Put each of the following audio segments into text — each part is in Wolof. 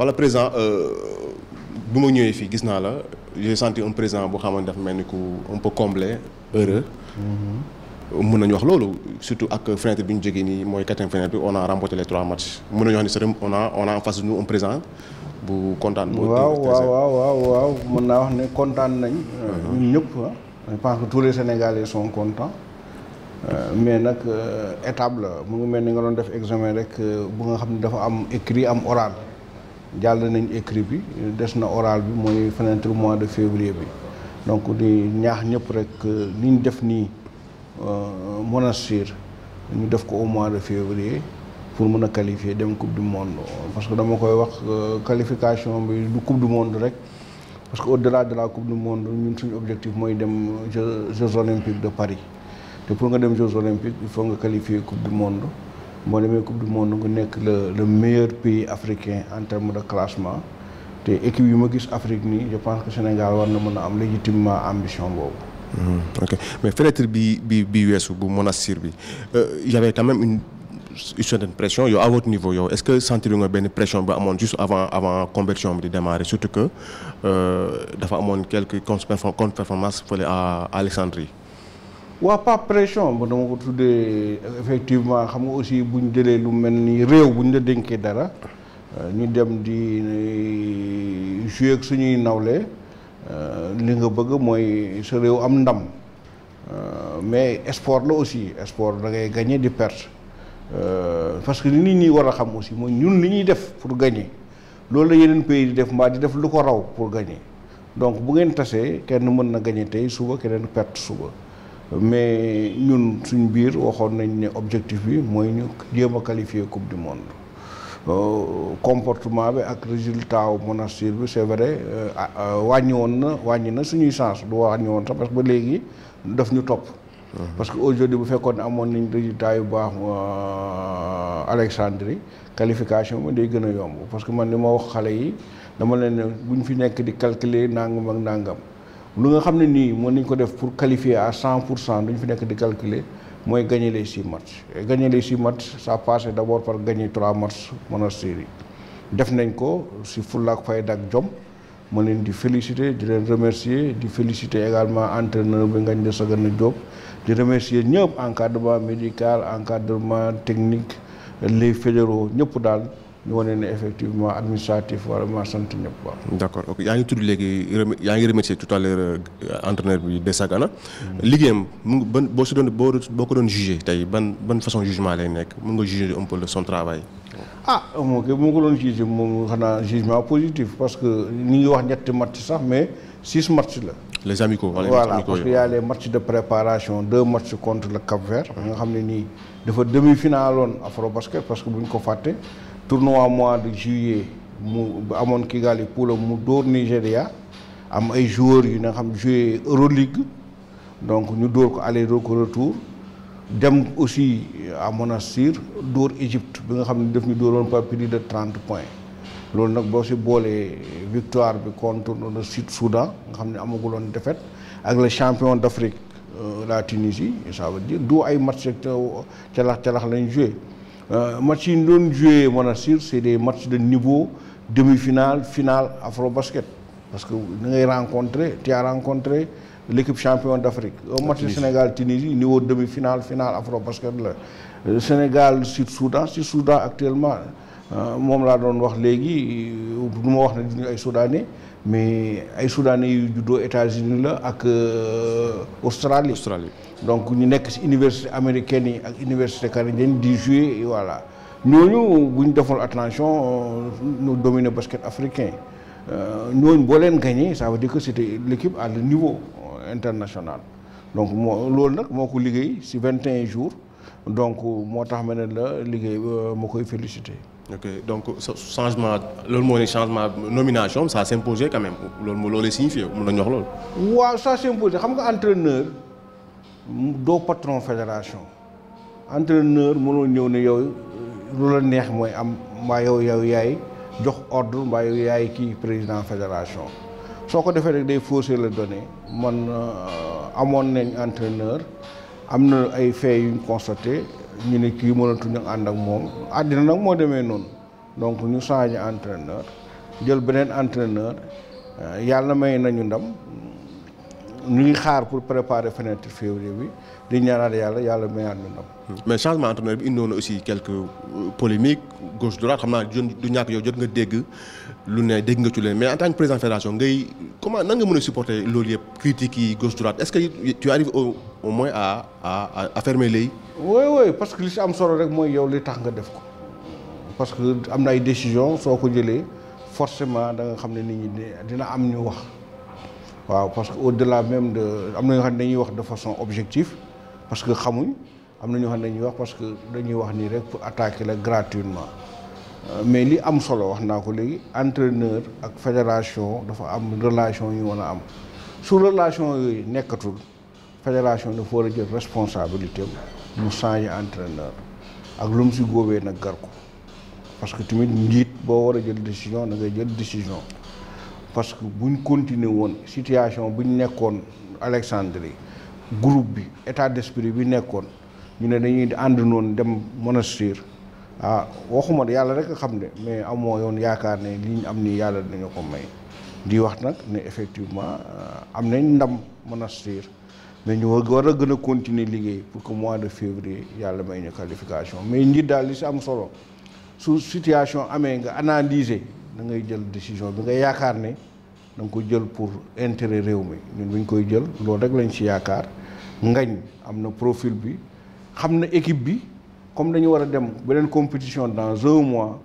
voilà présent présent, euh, j'ai senti un présent qui est un peu comblé heureux. Mm-hmm. surtout avec fenêtre bi de qui on a remporté les trois matchs on a on a en face de nous un présent bu content. content. Oui, oui, oui, oui, content, je pense que tous les Sénégalais sont contents. Euh, mais nak euh, étape la mu ngi que nga examen écrit am oral jàll nañ écrit bi des na oral bi fin fenêtre mois de février bi donc di ñaax ñep rek niñ def ni euh Monastir ñu def ko au mois de février pour mën qualifier dem coupe du monde parce que dama koy wax euh, qualification bi du coupe du monde rek parce que au delà de la coupe du monde ñun suñu objectif moy dem jeux olympiques de Paris Et pour nga dem jeux olympiques il faut nga qualifier coupe du monde boo la coupe du monde est le meilleur pays africain en termes de classement Et l'équipe qui ma je pense que Sénégal war ambition légitime. Mm-hmm. ok mais fenêtre bi bi bi bu Monastir euh, y avait quand même une certaine pression à votre niveau est-ce que sentiez-vous une une pression juste avant avant compétition de démarrer surtout que euh, dafa amoon quelques contre performances à Alexandrie. wa pas pression ba dama ko tuddee effectivement xam nga aussi bu ñu jëlee lu mel réew bu la dara ñu eh, dem di jouer ak suñuy nawle eh, li nga bëgg mooy sa réew am ndam eh, mais sport la aussi sport da ngay gagner di perte parce que li nit ñi war a xam aussi mooy ñun li ñuy def pour gagner loolu la yeneen pays di def mbaa di def lu ko raw pour gagner donc bu ngeen tasee kenn mën na gagner tey suba suba mais ñun suñ biir waxon nañ né objectif bi moy ñu jéem qualifier coupe du monde euh, comportement bi ak résultat wu Monastir bi c'est vrai euh, euh, wàññi woon na wàññi na chance du wàññi woon parce que ba légui daf ñu top. Mhm. parce que aujourd'hui bu fekkone amone amoon résultat yu baax Alexandrie qualification mo day gëna yomb parce que man li ma wax xalé yi dama leen buñ fi nekk di calculer nangam ak nangam. lu nga xam ne nii mën ko def pour qualifier à 100 pour cent duñ fi nekk di calculer mooy gagner les six matchs et gagner les six matchs ça passe d' par gagner trois matchs mën def nañ ko si fullaak fayda ak jom ma leen di féliciter di leen remercier di féliciter également entraîneur bi ngañ de Sagana Diop di remercier ñëpp encadrement médical encadrement technique les fédéraux ñëpp daal ñu wane ne effectivement administratif wala ma sant ñëpp waaw. D'accord, ok y'a ngi tudd léegi y'a ngi remercier tout à l'heure euh, entraîneur bi de Sagana. Ligue mu ngi ban boo si doon boo ko doon jugé ban ban façon jugement lay nekk mun nga un peu le son travail. ah moom kay mu ko doon jugé moom xanaa jugement positif parce que ñu ngi wax ñetti match sax mais six matchs là les amicaux voilà, parce qu'il y a les matchs de préparation deux matchs contre le Cap Vert. nga xam ni nii dafa demi-finaloon basket parce que bu ñu ko fàtte tournoi mois de juillet mu amoon Kigali Poulam mu dóor Nigéria am ay joueurs qui nga xam joué Euroleague donc ñu avons ko aller retour dem aussi à Monastir dóor Égypte bi nga xam ne daf ñu dóoroon par plus de 30 points loolu nag boo si boolee victoire bi contre le Sud Soudan nga xam ne amaguloon défaite ak le champion d'Afrique euh, la Tunisie ça veut dire du ay match ca calax calax lañ joué. Euh, match matchs que joué c'est des matchs de niveau demi-finale finale basket parce que rencontré tu as rencontré l'équipe championne d'Afrique. au match Sénégal Tunisie niveau demi-finale finale Afrobasket Le euh, Sénégal Sud Soudan Soudan actuellement je ne sais wax si pas suis wax ne Soudanais mais ay Soudanais yu États-Unis Australie. Australie donc nous sommes américaine et canadienne voilà Nous, nous, attention euh, nous dominer basket africain Nous euh, nous gagné ça veut dire que c'était l'équipe à le niveau euh, international donc nous avons jours donc moi, féliciter ok donc changement le moo ne changement nomination ça s'imposait quand même Le mot le signifie, mun nañu wax loolu. ça s'imposait xam nga entraîneur doo patron fédération entraîneur mon ñëw ne yow lu la neex mooy am mbaa yow yow yaay jox ordre mbaa yow yaay kii président fédération soo ko defee rek day fausser les données man euh, amoon nañ entraîneur Amener a ay faits yu constaté ñu ne kii mënatuñu ànd ak moom àddina nag moo demee noonu donc ñu changé entraîneur jël beneen entraîneur yàlla may nañu ndam Nous xaar pour préparer fenêtre février bi di ñaanal yàlla le mayaat ñu nous. mais changement nous, il y a aussi quelques euh, polémiques gauche droite Comme naa du ñàkk yow jot nga dégg lu tu nga mais en tant que président fédération comment nan nga supporter les critiques gauche droite est-ce que tu arrives au moins à à à fermer oui oui parce que li si am solo rek faire. yow li parce que am na ay décisions soo forcément da nga xam ne dina parce que au delà même de am na ñoo xam dañuy wax de façon objective parce que xamuñ am na ñoo xam dañuy wax parce que dañuy wax nii rek pour attaquer la gratuitement euh, mais li am solo wax naa ko léegi entraîneur ak fédération dafa am relation yu mën a am su relation yooyu nekkatul fédération dafa war a jël responsabilité mu changer entraîneur ak lu mu si góobee nag gar ko parce que tamit njiit boo war a jël décision da ngay jël décision parce que bu ñu continuer woon situation bu ñu nekkoon Alexandrie groupe bi état d'esprit bi nekkoon ñu ne dañuy ànd noonu dem monastère ah waxuma yàlla rek xam ne mais amoo yoon yaakaar ne li ñu am nii yàlla dinañu ko may di wax nag ne effectivement euh, am nañ ndam monastère mais ñu war a gën a continuer liggéey pour que mois de février yàlla may ñu qualification mais njiit daal di si am solo su situation amee nga analyser da ngay jël décision bi nga yaakaar ne danga ko jël pour intérêt réew mi ñun bu koy jël loolu rek lañ ci yaakaar ngañ am na profil bi xam na équipe bi comme dañu war a dem beneen compétition dans un mois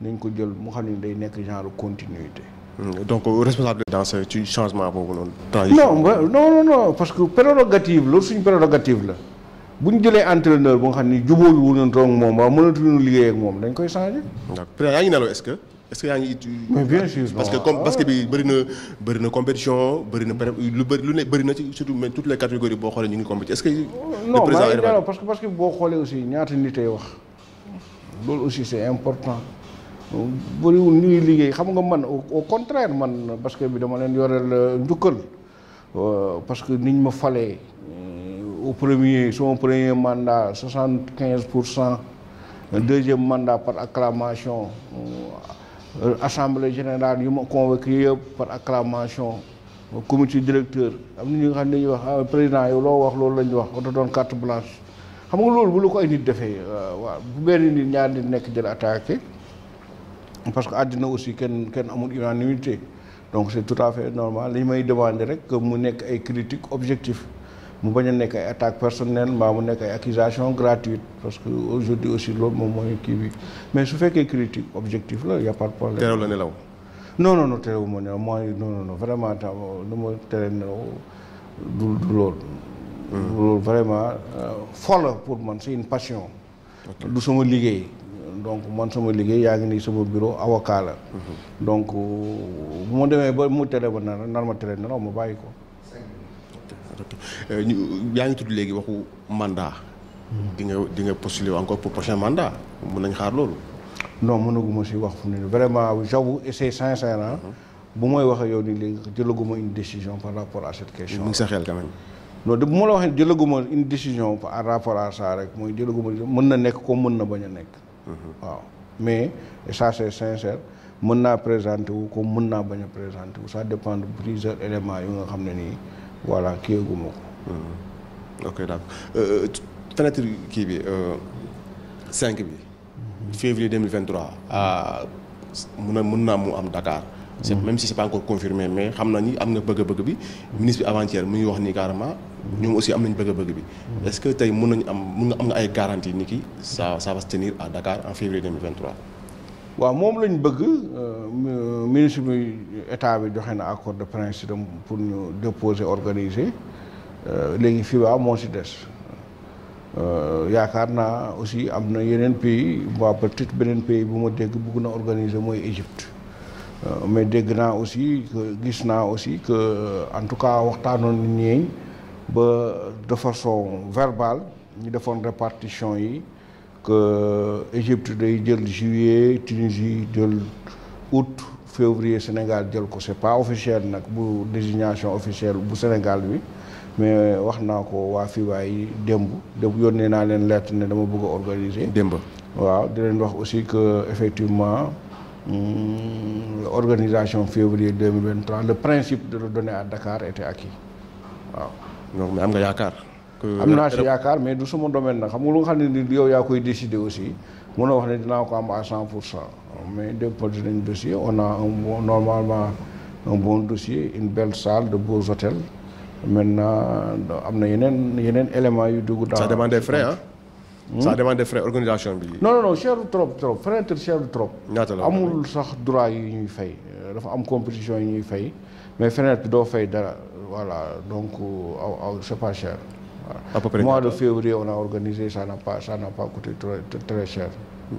nañ ko jël mu xam ne day nekk genre continuité. Hmm, donc responsable dans ci changement boobu noonu. non non non parce que prérogative loolu suñ prérogative la bu ñu jëlee entraîneur bu nga xam ni jubóowu wu ñu doon moom waaw mënatuñu liggéey ak moom dañ koy changé. d'accord yaa ce que. est-ce que yaa mais bien sûr parce que comme parce que ah. bi y a une compétition bëri na lu bëri surtout mais toutes les catégories boo xoolee ñu ngi compétition est-ce que. Oh, non mais parce que parce que boo xoolee aussi ñaata nit ay wax loolu aussi c'est important bëriwul ñuy liggéey xam nga man au contraire man parce que bi dama leen yoreel euh, njukkal euh, parce que niñ ma falee euh, au premier son premier mandat 75%, quinze deuxième mandat par acclamation. assemblée générale yu ma convoqué yëpp par acclamation comité directeur am na ñu xam ne ñuy wax ah, président yow loo wax loolu lañu ñu wax oto doon carte blanche xam nga loolu bu lu ko ay nit defee waaw bu benn nit ñaar nit nekk jël attaqué parce que àddina aussi kenn kenn amul unanimité donc c'est tout à fait normal li may demande rek que mu nekk ay critiques objectif mu bañ a nekk ay attaque personnelle mbaa mu nekk ay accusation gratuite parce que aujourd'hui aussi loolu moom mooy kii bi mais su fekkee critique objectif la y a pas de problème. la nelaw. non non non terewu ma nelaw mooy non non non vraiment taw lu ma tere nelaw du du loolu. Hmm. loolu vraiment euh, Folle pour man c'est une passion. du sama liggéey. donc man sama liggéey yaa ngi nii sama bureau avocat la. Hmm. donc euh, bu ma demee ba mu tere ba nar nar ma tere nelaw ma bàyyi ko. Euh, ñu yaa ngi tudd léegi waxu mandat. di nga di nga postuler encore pour prochain mandat mun nañ xaar loolu. non mënaguma si wax fu mu ne vraiment j'avoue c'est sincère ah. bu mooy wax ak yow nii léegi jëlaguma une décision par rapport à cette question. mu ngi sa xel quand même. de bu ma la waxee jëlaguma une décision par rapport à ça rek mooy jëlaguma mën na nekk comme mën na bañ a nekk. Uh-huh. waaw mais ça c'est sincère mën naa présenter wu ko mën naa bañ a présenter wu ça dépend de plusieurs éléments yu nga xam ne nii. voilà qui kiyeeguma ko. Hmm. ok d'accord euh, euh, fenêtre kii bi 5 euh, bi. Mhm. février 2023 à Dakar. Mhm. même si c'est pas encore confirmé mais xam ni am bëgg-bëgg bi. ministre avant-hier mu ngi wax ni carrément. aussi am nañ bëgg-bëgg mhm. est-ce que vous avez une am garantie que ça ça va se tenir à Dakar en février 2023. waaw moom lañ bëgg euh, ministre mu état bi joxe na accord de principe pour ñu déposer organiser euh, léegi FIBA moo si des euh, yaakaar naa aussi am na yeneen pays waa peut beneen pays bu ma dégg bëgg na organiser mooy Égypte mais dégg naa aussi que gis naa aussi que en tout cas waxtaanoon nit ñi ba de façon verbal ñu defoon répartition yi que euh, Égypte day juillet, juillet Tunisie jël août février Sénégal ce n'est pas officiel la désignation officielle bu Sénégal oui. mais wax naa ko waa FIBA yi démb démb yónnee lettre que dama bëgg organiser. Oui, il di leen wax aussi que effectivement hmm, l'organisation février 2023 le principe de le donner à Dakar était acquis donc mais am nga que. am naa si yaakaar mais du suma domaine nag xam nga lu nga xam ne ni yow yaa koy décider aussi mënoo wax ne dinaa ko am à 100%. pour cent mais déposé nañu nañ dossier on a un bon normalement un bon dossier une belle salle de beaux hôtels maintenant am na yeneen yeneen éléments yu dugg. dans ça demande des frais hein? ça hmm? demande des frais organisation non non non cher trop trop fenêtre cher trop. ñaata la amul sax droit yi ñuy fay dafa am compétition yi ñuy fay mais fenêtre doo fay dara voilà donc euh, c'est pas cher. mois de février on a organisé Sanapa Sanapa côté très cher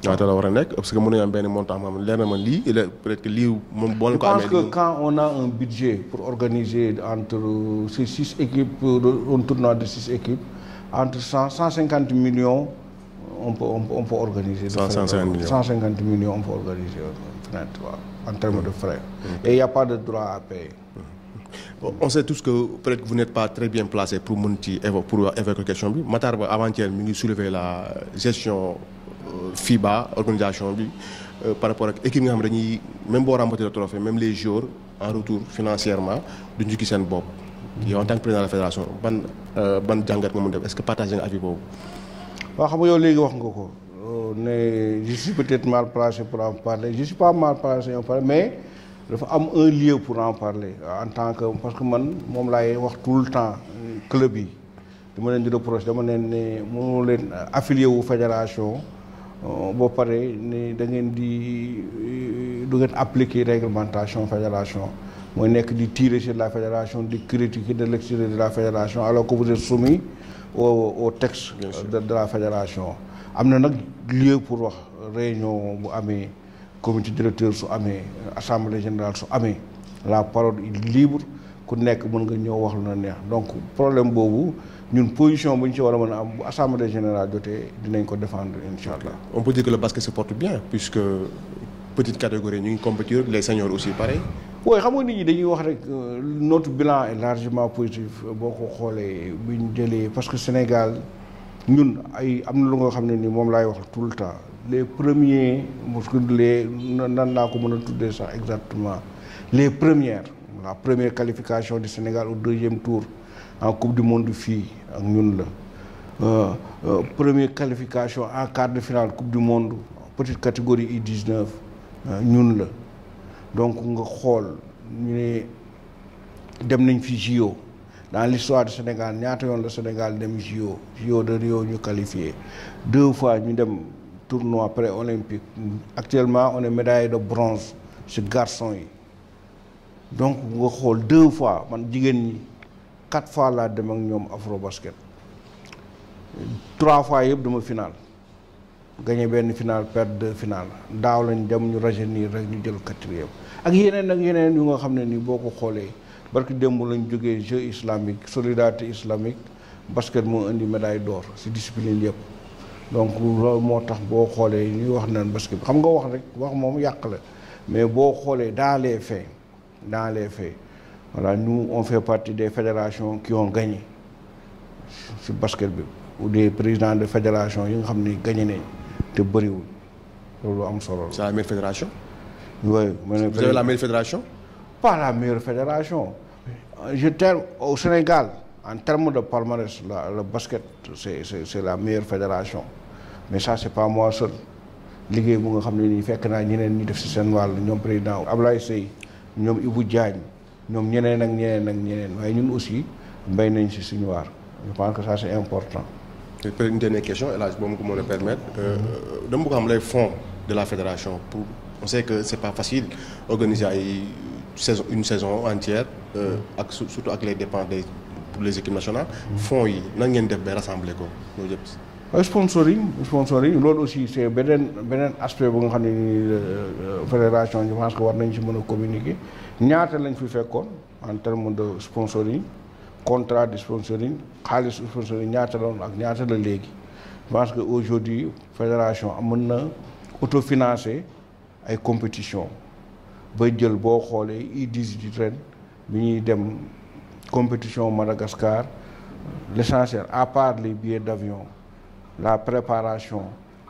ñaata la war a nekk parce que mën nañu am benn montant moo xam ne leer na ma lii il peut être que lii je pense que quand on a un budget pour organiser entre ces six équipes un tournoi de six équipes entre cent cent millions on peut on peut on peut organiser. cent millions 150 millions on peut organiser fenêtre en termes de frais. et il n'y a pas de droit à payer. on sait tous que peut-être que vous n'êtes pas très bien placé pour évoquer la pour question bi Matar avant-hier soulever la gestion euh, FIBA organisation bi euh, par rapport à l'équipe nga a même boo remporté le trophée même les jours, en retour financièrement de jukki Bob, qui est en tant que président de la fédération ban euh, ban jàngat nga mën est-ce que partagé nga avis boobu. waaw xam nga yow wax nga ko ne je suis peut-être mal placé pour en parler je suis pas mal placé en parler mais. Il y am un lieu pour en parler euh, en tant que parce que mon, suis laay tout le temps euh, club Je dama leen di reproche dama leen euh, affilié wu fédération Je suis appliqué da la appliquer réglementation fédération Je suis di tirer sur la fédération de critiquer de l'extérieur de la fédération alors que vous êtes soumis au texte de, la fédération am a un lieu pour wax réunion bu comité directeur su amé assemblée générale su amé la parole est libre ku nek mën nga ñoo wax lu na neex donc problème bobu ñun position buñ ci war mëna am assemblée générale jotee dinañ ko défendre inshallah allah. on peut dire que le basket se porte bien puisque petite catégorie ñu ngi compétir les seniors aussi pareil. oui xam nga nit ñi dañuy wax rek euh, notre bilan est largement positif boko xolé buñ bu parce que Sénégal ñun ay am na lu nga xamné ni mom lay wax tout le temps les premiers les a exactement les premières la première qualification du Sénégal au deuxième tour en coupe du monde de filles, ñun la euh, euh, première qualification en quart de finale coupe du monde petite catégorie i 19 euh, ñun la donc nga avons ñu nous dem nañ JO dans l'histoire du Sénégal nous avons la Sénégal dem JO JO de Rio ñu qualifié deux fois nous avons tournoi pré-olympique actuellement on est médaille de bronze chez garçon donc nga xool deux fois man quatre fois laa dem ak ñoom afro basket trois fois yëpp dama final gagné une finale, perdre deux final daaw lañ dem ñu rajeunir rek ñu jël quatrième ak yeneen ak yeneen yu nga xam ne nii boo ko xoolee barki démb lañ jógee jeu islamique solidarité islamique basket moo une médaille d'or C'est discipline donc loolu moo tax boo xoolee ñuy wax naan parce que xam nga wax rek wax mom yàq la mais bo xolé dans les faits dans les faits voilà nous on fait partie des fédérations qui ont gagné si basket bi ou des présidents de fédération yi nga xamni gagné nañ te wu lolu am solo c'est la meilleure fédération. oui vous avez la meilleure fédération. pas la meilleure fédération. je terme au Sénégal en termes de palmarès, le basket, c'est la meilleure fédération. Mais ça, c'est pas moi seul. Ligue, bu nga xam ne nii fekk naa ñeneen ñi def si seen wàll ñoom président Ablaye Sey, ñoom Ibou Diagne ñoom ñeneen ak ñeneen ak ñeneen waaye ñun aussi on nañ si suñu waar je pense que ça c'est important. Et une dernière question et là je ma ko mën a permettre euh, dama bëgg xam lay fonds de la fédération pour on sait que c'est pas facile organiser une saison entière. Euh, avec, surtout avec les dépenses des les équipes nationales fonds euh, sponsoring sponsoring aussi aspect que nga euh, euh, fédération je pense que war nañ communiquer en terme de sponsoring contrat de sponsoring de sponsoring la ak ñaata la que aujourd'hui fédération a compétition compétition au Madagascar, l'essentiel, à part les billets d'avion, la préparation,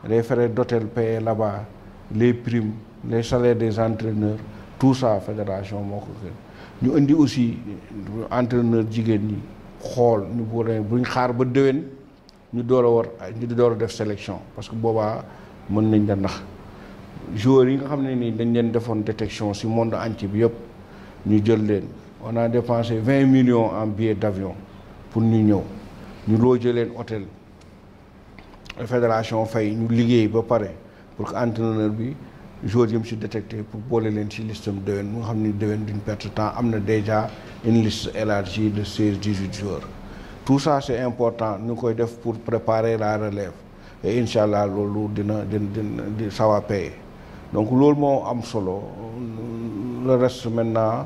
les frais d'hôtel payés là-bas, les primes, les salaires des entraîneurs, tout ça, la fédération Nous avons aussi entraîneurs Hall, nous pourrions faire des ñu nous a war ñu door a sélection parce que boobaa mën nañ des nax joueurs yi nga xam une détection dañ leen defoon détection ci monde entier bi yëpp on a dépensé 20 millions en billets d'avion pour Nous l'avons ñu loger un hôtel fédération fay ñu liggéey ba pour que entraîneur bi joueur yi détecté pour que leen ci liste Nous avons nous avons ni déwén d'une perte temps déjà une liste élargie de 16 18 jours. tout ça c'est important Nous pour préparer la relève et Inch'Allah, ça va payer donc que nous am solo le reste maintenant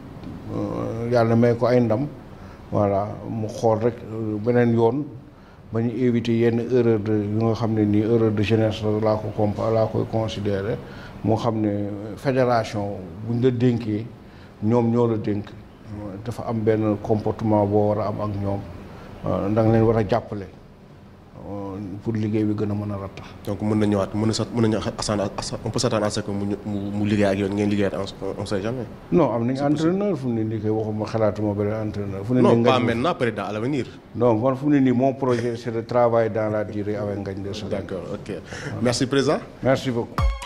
Euh, yàlla may ko ay ndam voilà mu xool rek euh, beneen yoon ba ñu éviter yenn erreur de yu nga xam ne nii erreur de jeunesse laa ko compa laa koy considéré moo xam ne fédération buñ la dénkee ñoom ñoo la dénk dafa am benn comportement boo war a am ak ñoom euh, da nga leen war a jàppale Euh, pour liggéey bi gën a mën a rattax. donc mën na ñëwaat mën na sax mën nañu as on peut mu mu liggéey ak yoon ngeen liggéeyaat on sait jamais. non am nañu entraîneur fu mu ne nii kay waxuma xalaatuma beneen entraîneur. fu mu ne nii non pas maintenant président à l'avenir. non fu mu nii mon projet c'est de dans la durée avec Ngagne Descentes. d'accord ok merci président. merci beaucoup.